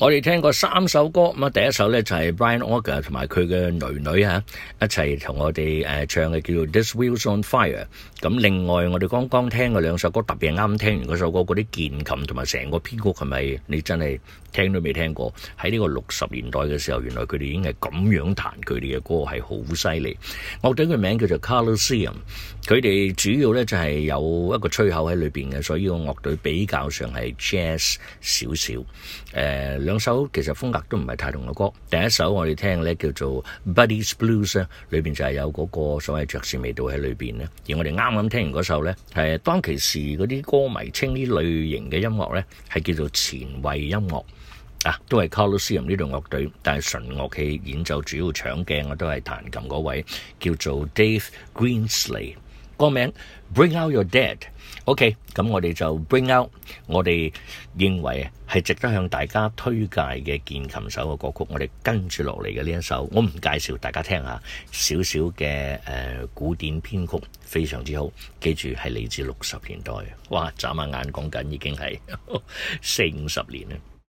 我哋聽過三首歌，咁啊第一首咧就係 Brian Auger 同埋佢嘅女女一齊同我哋唱嘅叫做 This Wheel’s on Fire。咁另外我哋剛剛聽嘅兩首歌特別啱，聽完嗰首歌嗰啲鍵琴同埋成個編曲係咪你真係聽都未聽過？喺呢個六十年代嘅時候，原來佢哋已經係咁樣彈佢哋嘅歌係好犀利。樂隊嘅名叫做 Colosseum，佢哋主要咧就係有一個吹口喺裏面嘅，所以個樂隊比較上係 jazz 少少兩首其實風格都唔係太同嘅歌。第一首我哋聽咧叫做《Buddy Blues》，裏邊就係有嗰個所謂爵士味道喺裏邊咧。而我哋啱啱聽完嗰首咧，係當其時嗰啲歌迷稱呢類型嘅音樂咧係叫做前衛音樂啊，都係 Colosseum 呢度樂隊，但係純樂器演奏主要搶鏡嘅都係彈琴嗰位叫做 Dave Greensley。歌名《Bring Out Your Dead》，OK，咁我哋就《Bring Out》。我哋認為係值得向大家推介嘅鍵琴手嘅歌曲。我哋跟住落嚟嘅呢一首，我唔介紹大家聽下，少少嘅誒古典編曲，非常之好。記住係嚟自六十年代，哇！眨下眼講緊已經係四五十年啦。